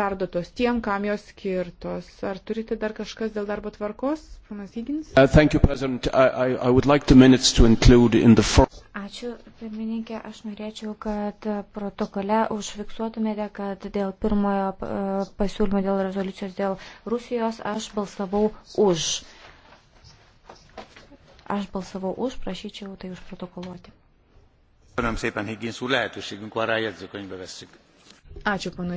perdotos tiem, kam jos skirtos. Ar turite dar kažkas dėl darbo tvarkos, panas Higins? Uh, like Ačiū, pirmininkė. Aš norėčiau, kad protokole užfiksuotumėte, kad dėl pirmojo uh, pasiūlymo dėl rezoliucijos dėl Rusijos aš balsavau už. Aš balsavau už, prašyčiau tai užprotokoluoti. Köszönöm szépen, Higgins úr, lehetőségünk van rá, jegyzőkönyvbe vesszük. Ačiū, panai